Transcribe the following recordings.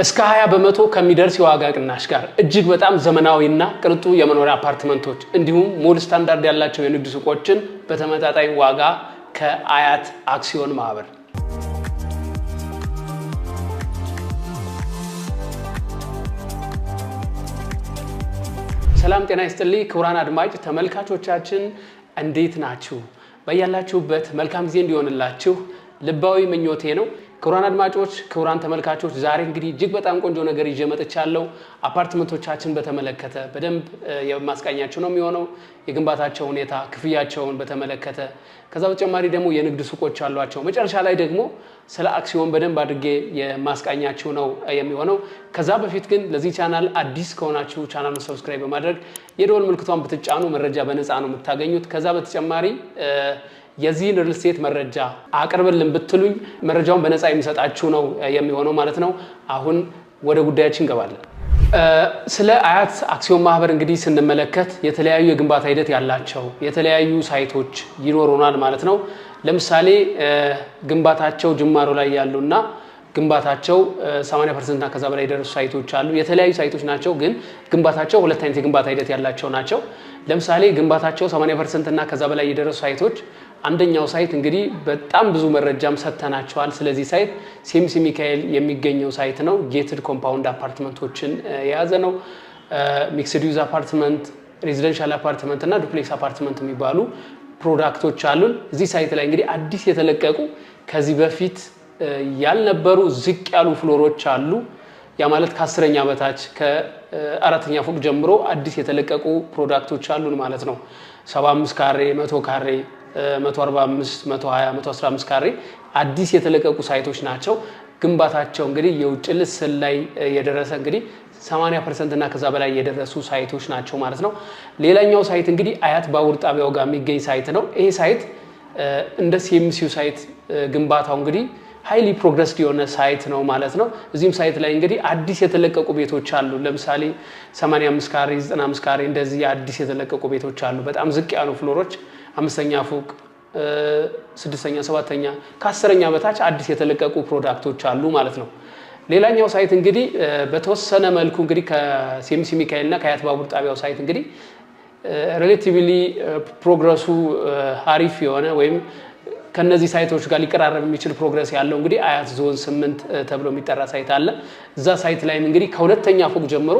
እስከ 20 በመቶ ከሚደርስ የዋጋ ቅናሽ ጋር እጅግ በጣም ዘመናዊና ቅንጡ የመኖሪያ አፓርትመንቶች እንዲሁም ሞል ስታንዳርድ ያላቸው የንግድ ሱቆችን በተመጣጣኝ ዋጋ ከአያት አክሲዮን ማህበር። ሰላም ጤና ይስጥልኝ ክቡራን አድማጭ ተመልካቾቻችን እንዴት ናችሁ? በያላችሁበት መልካም ጊዜ እንዲሆንላችሁ ልባዊ ምኞቴ ነው። ክቡራን አድማጮች፣ ክቡራን ተመልካቾች ዛሬ እንግዲህ እጅግ በጣም ቆንጆ ነገር ይዤ መጥቻለሁ። አፓርትመንቶቻችን በተመለከተ በደንብ የማስቃኛቸው ነው የሚሆነው፣ የግንባታቸው ሁኔታ፣ ክፍያቸውን በተመለከተ ከዛ በተጨማሪ ደግሞ የንግድ ሱቆች አሏቸው። መጨረሻ ላይ ደግሞ ስለ አክሲዮን በደንብ አድርጌ የማስቃኛችሁ ነው የሚሆነው። ከዛ በፊት ግን ለዚህ ቻናል አዲስ ከሆናችሁ ቻናሉ ሰብስክራይብ በማድረግ የደወል ምልክቷን ብትጫኑ መረጃ በነፃ ነው የምታገኙት። ከዛ በተጨማሪ የዚህን ሪል ስቴት መረጃ አቅርብልን ብትሉኝ መረጃውን በነፃ የሚሰጣችሁ ነው የሚሆነው ማለት ነው። አሁን ወደ ጉዳያችን እንገባለን። ስለ አያት አክሲዮን ማህበር እንግዲህ ስንመለከት የተለያዩ የግንባታ ሂደት ያላቸው የተለያዩ ሳይቶች ይኖሩናል ማለት ነው። ለምሳሌ ግንባታቸው ጅማሮ ላይ ያሉና ግንባታቸው 80 ፐርሰንትና ከዛ በላይ የደረሱ ሳይቶች አሉ። የተለያዩ ሳይቶች ናቸው፣ ግን ግንባታቸው ሁለት አይነት የግንባታ ሂደት ያላቸው ናቸው። ለምሳሌ ግንባታቸው 80 ፐርሰንትና ከዛ በላይ የደረሱ ሳይቶች አንደኛው ሳይት እንግዲህ በጣም ብዙ መረጃም ሰጥተናቸዋል። ስለዚህ ሳይት ሲኤምሲ ሚካኤል የሚገኘው ሳይት ነው። ጌትድ ኮምፓውንድ አፓርትመንቶችን የያዘ ነው። ሚክስድ ዩዝ አፓርትመንት፣ ሬዚደንሻል አፓርትመንት እና ዱፕሌክስ አፓርትመንት የሚባሉ ፕሮዳክቶች አሉን። እዚህ ሳይት ላይ እንግዲህ አዲስ የተለቀቁ ከዚህ በፊት ያልነበሩ ዝቅ ያሉ ፍሎሮች አሉ። ያ ማለት ከአስረኛ በታች ከአራተኛ ፎቅ ጀምሮ አዲስ የተለቀቁ ፕሮዳክቶች አሉን ማለት ነው። ሰባ አምስት ካሬ፣ መቶ ካሬ 145፣ 120፣ 115 ካሬ አዲስ የተለቀቁ ሳይቶች ናቸው። ግንባታቸው እንግዲህ የውጭ ልስን ላይ የደረሰ እንግዲህ 80 ፐርሰንት እና ከዛ በላይ የደረሱ ሳይቶች ናቸው ማለት ነው። ሌላኛው ሳይት እንግዲህ አያት ባቡር ጣቢያው ጋር የሚገኝ ሳይት ነው። ይሄ ሳይት እንደ ሲኤምሲው ሳይት ግንባታው እንግዲህ ሃይሊ ፕሮግረስድ የሆነ ሳይት ነው ማለት ነው። እዚህም ሳይት ላይ እንግዲህ አዲስ የተለቀቁ ቤቶች አሉ። ለምሳሌ 85 ካሬ፣ 95 ካሬ እንደዚህ አዲስ የተለቀቁ ቤቶች አሉ። በጣም ዝቅ ያሉ ፍሎሮች አምስተኛ ፎቅ፣ ስድስተኛ፣ ሰባተኛ ከአስረኛ በታች አዲስ የተለቀቁ ፕሮዳክቶች አሉ ማለት ነው። ሌላኛው ሳይት እንግዲህ በተወሰነ መልኩ እንግዲህ ከሴምሲ ሚካኤል እና ከአያት ባቡር ጣቢያው ሳይት እንግዲህ ሬሌቲቭሊ ፕሮግረሱ አሪፍ የሆነ ወይም ከነዚህ ሳይቶች ጋር ሊቀራረብ የሚችል ፕሮግረስ ያለው እንግዲህ አያት ዞን ስምንት ተብሎ የሚጠራ ሳይት አለ። እዛ ሳይት ላይም እንግዲህ ከሁለተኛ ፎቅ ጀምሮ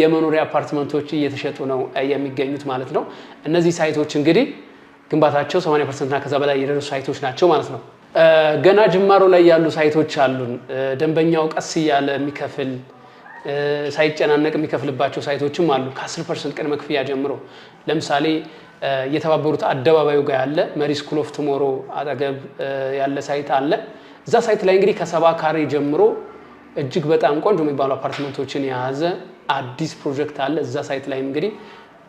የመኖሪያ አፓርትመንቶች እየተሸጡ ነው የሚገኙት ማለት ነው። እነዚህ ሳይቶች እንግዲህ ግንባታቸው 80 ፐርሰንትና ከዛ በላይ የደረሱ ሳይቶች ናቸው ማለት ነው። ገና ጅማሮ ላይ ያሉ ሳይቶች አሉን። ደንበኛው ቀስ እያለ የሚከፍል ሳይጨናነቅ የሚከፍልባቸው ሳይቶችም አሉ። ከ10 ፐርሰንት ቅድመ ክፍያ ጀምሮ ለምሳሌ የተባበሩት አደባባዩ ጋር ያለ መሪ ስኩል ኦፍ ቱሞሮ አጠገብ ያለ ሳይት አለ። እዛ ሳይት ላይ እንግዲህ ከሰባ ካሬ ጀምሮ እጅግ በጣም ቆንጆ የሚባሉ አፓርትመንቶችን የያዘ አዲስ ፕሮጀክት አለ። እዛ ሳይት ላይ እንግዲህ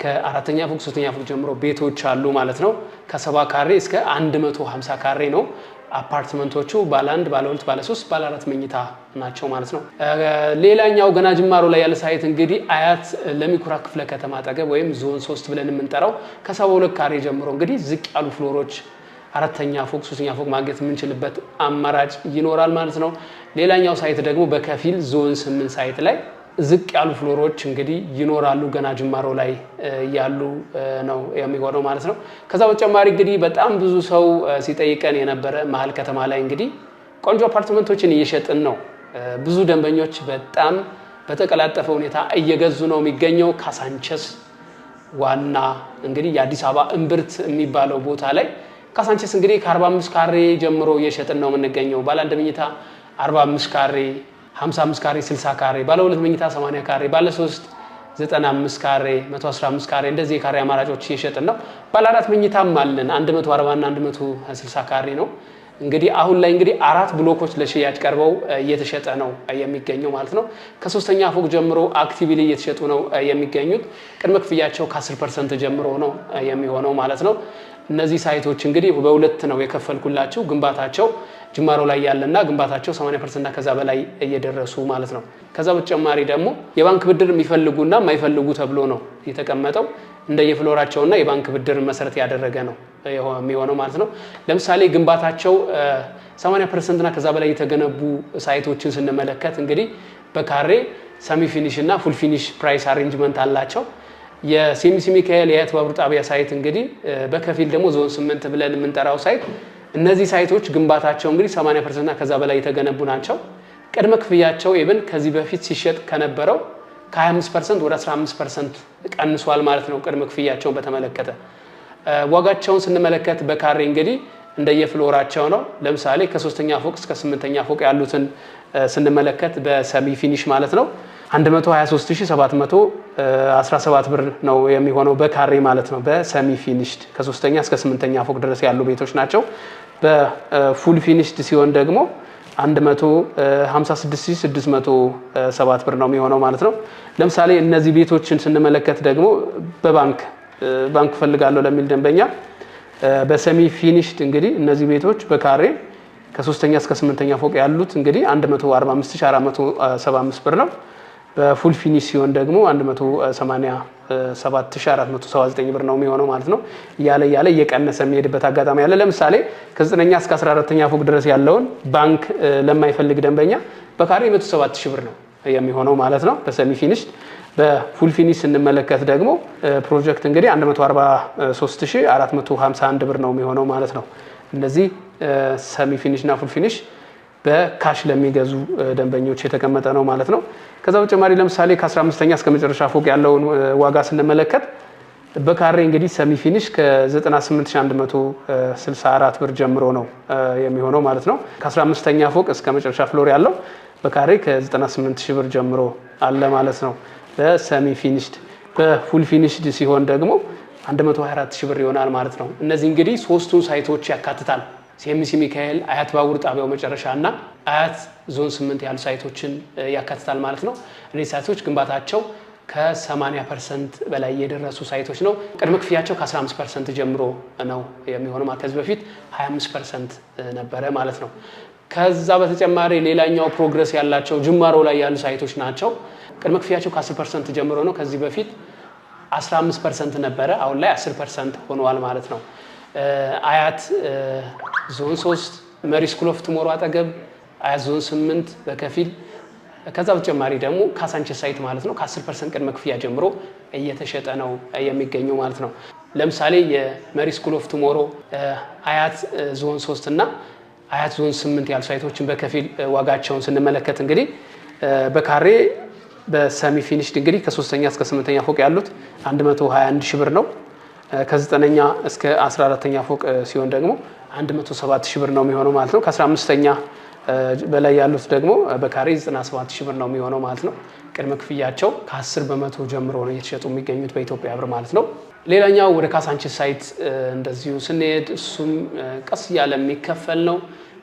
ከአራተኛ ፎቅ ሶስተኛ ፎቅ ጀምሮ ቤቶች አሉ ማለት ነው። ከሰባ ካሬ እስከ 150 ካሬ ነው። አፓርትመንቶቹ ባለ አንድ፣ ባለ ሁለት፣ ባለ ሶስት፣ ባለ አራት መኝታ ናቸው ማለት ነው። ሌላኛው ገና ጅማሮ ላይ ያለ ሳይት እንግዲህ አያት ለሚኩራ ክፍለ ከተማ አጠገብ ወይም ዞን ሶስት ብለን የምንጠራው ከሰባ ሁለት ካሬ ጀምሮ እንግዲህ ዝቅ ያሉ ፍሎሮች አራተኛ ፎቅ ሶስተኛ ፎቅ ማግኘት የምንችልበት አማራጭ ይኖራል ማለት ነው። ሌላኛው ሳይት ደግሞ በከፊል ዞን ስምንት ሳይት ላይ ዝቅ ያሉ ፍሎሮች እንግዲህ ይኖራሉ ገና ጅማሮ ላይ ያሉ ነው የሚሆነው ማለት ነው። ከዛ በተጨማሪ እንግዲህ በጣም ብዙ ሰው ሲጠይቀን የነበረ መሀል ከተማ ላይ እንግዲህ ቆንጆ አፓርትመንቶችን እየሸጥን ነው። ብዙ ደንበኞች በጣም በተቀላጠፈ ሁኔታ እየገዙ ነው የሚገኘው። ካሳንቸስ ዋና እንግዲህ የአዲስ አበባ እምብርት የሚባለው ቦታ ላይ ካሳንቸስ እንግዲህ ከ45 ካሬ ጀምሮ እየሸጥን ነው የምንገኘው ባለ አንድ መኝታ 45 ካሬ 55 ካሬ 60 ካሬ ባለ ሁለት መኝታ 80 ካሬ ባለ 3 95 ካሬ 115 ካሬ እንደዚህ የካሬ አማራጮች እየሸጥን ነው። ባለ አራት መኝታም አለን 140 እና 160 ካሬ ነው። እንግዲህ አሁን ላይ እንግዲህ አራት ብሎኮች ለሽያጭ ቀርበው እየተሸጠ ነው የሚገኘው ማለት ነው። ከሶስተኛ ፎቅ ጀምሮ አክቲቪሊ እየተሸጡ ነው የሚገኙት። ቅድመ ክፍያቸው ከ10 ፐርሰንት ጀምሮ ነው የሚሆነው ማለት ነው። እነዚህ ሳይቶች እንግዲህ በሁለት ነው የከፈልኩላቸው። ግንባታቸው ጅማሮ ላይ ያለና ግንባታቸው 80 ፐርሰንትና ከዛ በላይ እየደረሱ ማለት ነው። ከዛ በተጨማሪ ደግሞ የባንክ ብድር የሚፈልጉና የማይፈልጉ ተብሎ ነው የተቀመጠው። እንደየፍሎራቸውና የባንክ ብድር መሰረት ያደረገ ነው የሚሆነው ማለት ነው። ለምሳሌ ግንባታቸው 80 ፐርሰንትና ከዛ በላይ የተገነቡ ሳይቶችን ስንመለከት እንግዲህ በካሬ ሰሚ ፊኒሽ እና ፉል ፊኒሽ ፕራይስ አሬንጅመንት አላቸው። የሴሚሲ ሚካኤል የአያት ባቡር ጣቢያ ሳይት እንግዲህ በከፊል ደግሞ ዞን ስምንት ብለን የምንጠራው ሳይት እነዚህ ሳይቶች ግንባታቸው እንግዲህ 80 ፐርሰንትና ከዛ በላይ የተገነቡ ናቸው። ቅድመ ክፍያቸው ኤብን ከዚህ በፊት ሲሸጥ ከነበረው ከ25 ፐርሰንት ወደ 15 ፐርሰንት ቀንሷል ማለት ነው። ቅድመ ክፍያቸውን በተመለከተ ዋጋቸውን ስንመለከት በካሬ እንግዲህ እንደየፍሎራቸው ነው። ለምሳሌ ከሶስተኛ ፎቅ እስከ ስምንተኛ ፎቅ ያሉትን ስንመለከት በሰሚ ፊኒሽ ማለት ነው 123717 ብር ነው የሚሆነው በካሬ ማለት ነው። በሰሚ ፊኒሽድ ከሶስተኛ እስከ ስምንተኛ ፎቅ ድረስ ያሉ ቤቶች ናቸው። በፉል ፊኒሽድ ሲሆን ደግሞ 156607 ብር ነው የሚሆነው ማለት ነው። ለምሳሌ እነዚህ ቤቶችን ስንመለከት ደግሞ በባንክ ባንክ ፈልጋለሁ ለሚል ደንበኛ በሰሚ ፊኒሽድ እንግዲህ እነዚህ ቤቶች በካሬ ከሶስተኛ እስከ ስምንተኛ ፎቅ ያሉት እንግዲህ 145475 ብር ነው። በፉል ፊኒሽ ሲሆን ደግሞ 187479 ብር ነው የሚሆነው ማለት ነው። እያለ እያለ እየቀነሰ የሚሄድበት አጋጣሚ አለ። ለምሳሌ ከ9ኛ እስከ 14ኛ ፎቅ ድረስ ያለውን ባንክ ለማይፈልግ ደንበኛ በካሬ 107 ብር ነው የሚሆነው ማለት ነው በሰሚ ፊኒሽ። በፉል ፊኒሽ ስንመለከት ደግሞ ፕሮጀክት እንግዲህ 143451 ብር ነው የሚሆነው ማለት ነው። እነዚህ ሰሚ ፊኒሽ እና ፉል ፊኒሽ በካሽ ለሚገዙ ደንበኞች የተቀመጠ ነው ማለት ነው። ከዛ በተጨማሪ ለምሳሌ ከ15ኛ እስከ መጨረሻ ፎቅ ያለውን ዋጋ ስንመለከት በካሬ እንግዲህ ሰሚ ፊኒሽ ከ98164 ብር ጀምሮ ነው የሚሆነው ማለት ነው። ከ15ኛ ፎቅ እስከ መጨረሻ ፍሎር ያለው በካሬ ከ98 ብር ጀምሮ አለ ማለት ነው። በሰሚ ፊኒሽድ በፉል ፊኒሽድ ሲሆን ደግሞ 124 ብር ይሆናል ማለት ነው። እነዚህ እንግዲህ ሶስቱን ሳይቶች ያካትታል። ሲኤምሲ ሚካኤል፣ አያት ባቡር ጣቢያው መጨረሻ እና አያት ዞን ስምንት ያሉ ሳይቶችን ያካትታል ማለት ነው። እነዚህ ሳይቶች ግንባታቸው ከ80 ፐርሰንት በላይ የደረሱ ሳይቶች ነው። ቅድመ ክፍያቸው ከ15 ፐርሰንት ጀምሮ ነው የሚሆነው። ከዚህ በፊት 25 ፐርሰንት ነበረ ማለት ነው። ከዛ በተጨማሪ ሌላኛው ፕሮግረስ ያላቸው ጅማሮ ላይ ያሉ ሳይቶች ናቸው። ቅድመ ክፍያቸው ከ10 ፐርሰንት ጀምሮ ነው። ከዚህ በፊት 15 ፐርሰንት ነበረ፣ አሁን ላይ 10 ፐርሰንት ሆነዋል ማለት ነው። አያት ዞን ሶስት መሪ ስኩል ኦፍ ቱሞሮ አጠገብ አያት ዞን ስምንት በከፊል ከዛ በተጨማሪ ደግሞ ካሳንቼስ ሳይት ማለት ነው ከ10 ፐርሰንት ቅድመ ክፍያ ጀምሮ እየተሸጠ ነው የሚገኘው ማለት ነው። ለምሳሌ የመሪ ስኩል ኦፍ ቱሞሮ አያት ዞን ሶስት እና አያት ዞን ስምንት ያሉ ሳይቶችን በከፊል ዋጋቸውን ስንመለከት እንግዲህ በካሬ በሰሚ ፊኒሽድ እንግዲህ ከሶስተኛ እስከ ስምንተኛ ፎቅ ያሉት 121 ሺህ ብር ነው። ከዘጠነኛ እስከ 14ተኛ ፎቅ ሲሆን ደግሞ 107 ሺህ ብር ነው የሚሆነው ማለት ነው። ከ15ተኛ በላይ ያሉት ደግሞ በካሬ 97 ሺህ ብር ነው የሚሆነው ማለት ነው። ቅድመ ክፍያቸው ከ10 በመቶ ጀምሮ ነው እየተሸጡ የሚገኙት በኢትዮጵያ ብር ማለት ነው። ሌላኛው ወደ ካሳንቺስ ሳይት እንደዚሁ ስንሄድ እሱም ቀስ እያለ የሚከፈል ነው።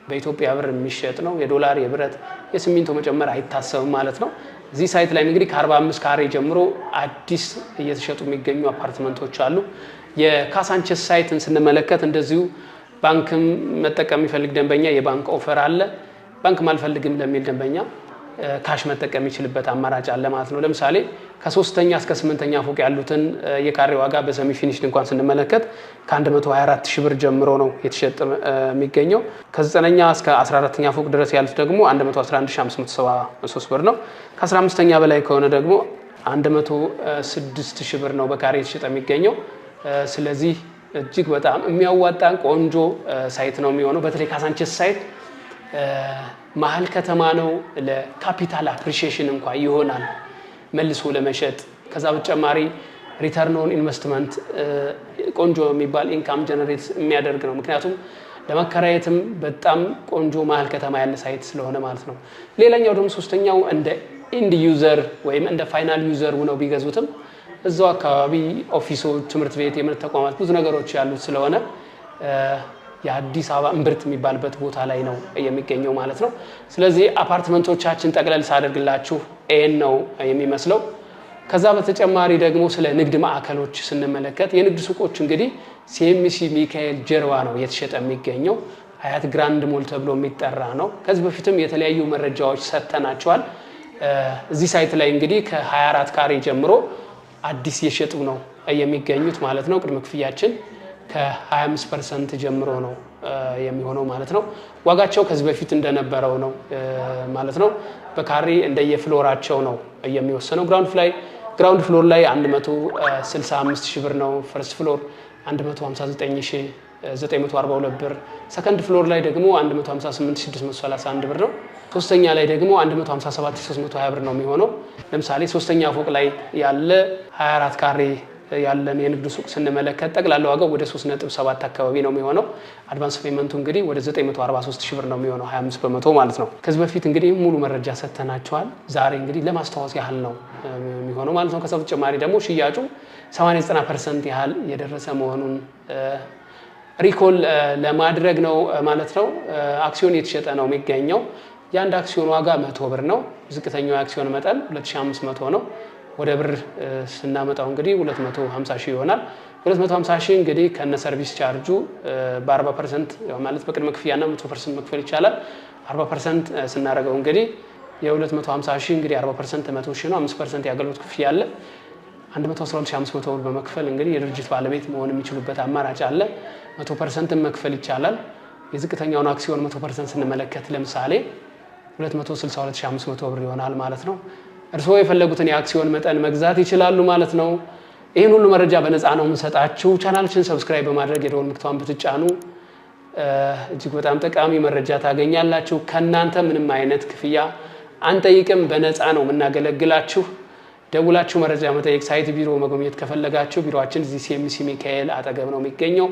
በኢትዮጵያ ብር የሚሸጥ ነው። የዶላር የብረት የሲሚንቶ መጨመር አይታሰብም ማለት ነው። እዚህ ሳይት ላይ እንግዲህ ከ45 ካሬ ጀምሮ አዲስ እየተሸጡ የሚገኙ አፓርትመንቶች አሉ። የካሳንቸስ ሳይትን ስንመለከት እንደዚሁ ባንክም መጠቀም የሚፈልግ ደንበኛ የባንክ ኦፈር አለ። ባንክ አልፈልግም ለሚል ደንበኛ ካሽ መጠቀም ይችልበት አማራጭ አለ ማለት ነው። ለምሳሌ ከሶስተኛ እስከ ስምንተኛ ፎቅ ያሉትን የካሬ ዋጋ በሰሚ ፊኒሽ እንኳን ስንመለከት ከ124 ሺህ ብር ጀምሮ ነው የተሸጠ የሚገኘው ከዘጠነኛ 9 እስከ 14ኛ ፎቅ ድረስ ያሉት ደግሞ 111573 ብር ነው። 15 ተኛ በላይ ከሆነ ደግሞ 106 ሺህ ብር ነው በካሬ የተሸጠ የሚገኘው። ስለዚህ እጅግ በጣም የሚያዋጣን ቆንጆ ሳይት ነው የሚሆነው በተለይ ካሳንቼስ ሳይት መሀል ከተማ ነው። ለካፒታል አፕሪሺሽን እንኳ ይሆናል መልሶ ለመሸጥ። ከዛ በተጨማሪ ሪተርን ኦን ኢንቨስትመንት ቆንጆ የሚባል ኢንካም ጀነሬት የሚያደርግ ነው። ምክንያቱም ለመከራየትም በጣም ቆንጆ መሀል ከተማ ያለ ሳይት ስለሆነ ማለት ነው። ሌላኛው ደግሞ ሶስተኛው እንደ ኢንድ ዩዘር ወይም እንደ ፋይናል ዩዘር ሁነው ቢገዙትም እዛው አካባቢ ኦፊሶች፣ ትምህርት ቤት፣ የምርት ተቋማት ብዙ ነገሮች ያሉት ስለሆነ የአዲስ አበባ እምብርት የሚባልበት ቦታ ላይ ነው የሚገኘው ማለት ነው። ስለዚህ አፓርትመንቶቻችን ጠቅለል ሳደርግላችሁ ኤን ነው የሚመስለው። ከዛ በተጨማሪ ደግሞ ስለ ንግድ ማዕከሎች ስንመለከት የንግድ ሱቆች እንግዲህ ሲኤምሲ ሚካኤል ጀርባ ነው እየተሸጠ የሚገኘው። ሀያት ግራንድ ሞል ተብሎ የሚጠራ ነው። ከዚህ በፊትም የተለያዩ መረጃዎች ሰጥተናቸዋል። እዚህ ሳይት ላይ እንግዲህ ከ24 ካሬ ጀምሮ አዲስ እየሸጡ ነው የሚገኙት ማለት ነው። ቅድመ ክፍያችን ከ25 ፐርሰንት ጀምሮ ነው የሚሆነው ማለት ነው። ዋጋቸው ከዚህ በፊት እንደነበረው ነው ማለት ነው። በካሬ እንደየፍሎራቸው ነው የሚወሰነው። ግራውንድ ፍላይ ግራውንድ ፍሎር ላይ 165 ሺህ ብር ነው። ፈርስት ፍሎር 159942 ብር፣ ሰከንድ ፍሎር ላይ ደግሞ 158631 ብር ነው። ሶስተኛ ላይ ደግሞ 157320 ብር ነው የሚሆነው። ለምሳሌ ሶስተኛ ፎቅ ላይ ያለ 24 ካሬ ያለን የንግድ ሱቅ ስንመለከት ጠቅላላ ዋጋው ወደ 3.7 አካባቢ ነው የሚሆነው። አድቫንስ ፔመንቱ እንግዲህ ወደ 943 ሺህ ብር ነው የሚሆነው 25 በመቶ ማለት ነው። ከዚህ በፊት እንግዲህ ሙሉ መረጃ ሰጥተናቸዋል። ዛሬ እንግዲህ ለማስታወስ ያህል ነው የሚሆነው ማለት ነው። ከዛ ተጨማሪ ደግሞ ሽያጩ 89 ፐርሰንት ያህል የደረሰ መሆኑን ሪኮል ለማድረግ ነው ማለት ነው። አክሲዮን የተሸጠ ነው የሚገኘው። የአንድ አክሲዮን ዋጋ መቶ ብር ነው። ዝቅተኛው የአክሲዮን መጠን 2500 ነው። ወደ ብር ስናመጣው እንግዲህ 250 ሺህ ይሆናል። 250 ሺህ እንግዲህ ከነ ሰርቪስ ቻርጁ በ40 ፐርሰንት ማለት በቅድመ ክፍያና 100 ፐርሰንት መክፈል ይቻላል። 40 ፐርሰንት ስናደርገው እንግዲህ የ250 ሺህ እንግዲህ 40 ፐርሰንት 100 ሺህ ነው። 5 ፐርሰንት የአገልግሎት ክፍያ አለ። 112500 ብር በመክፈል እንግዲህ የድርጅት ባለቤት መሆን የሚችሉበት አማራጭ አለ። 100 ፐርሰንትን መክፈል ይቻላል። የዝቅተኛውን አክሲዮን 100 ፐርሰንት ስንመለከት ለምሳሌ 262500 ብር ይሆናል ማለት ነው። እርስዎ የፈለጉትን የአክሲዮን መጠን መግዛት ይችላሉ ማለት ነው። ይህን ሁሉ መረጃ በነፃ ነው የምንሰጣችሁ። ቻናልችን ሰብስክራይብ በማድረግ የደወል ምልክቷን ብትጫኑ እጅግ በጣም ጠቃሚ መረጃ ታገኛላችሁ። ከእናንተ ምንም አይነት ክፍያ አንጠይቅም። በነፃ ነው የምናገለግላችሁ። ደውላችሁ መረጃ መጠየቅ፣ ሳይት ቢሮ መጎብኘት ከፈለጋችሁ ቢሮችን እዚህ ሲኤምሲ ሚካኤል አጠገብ ነው የሚገኘው።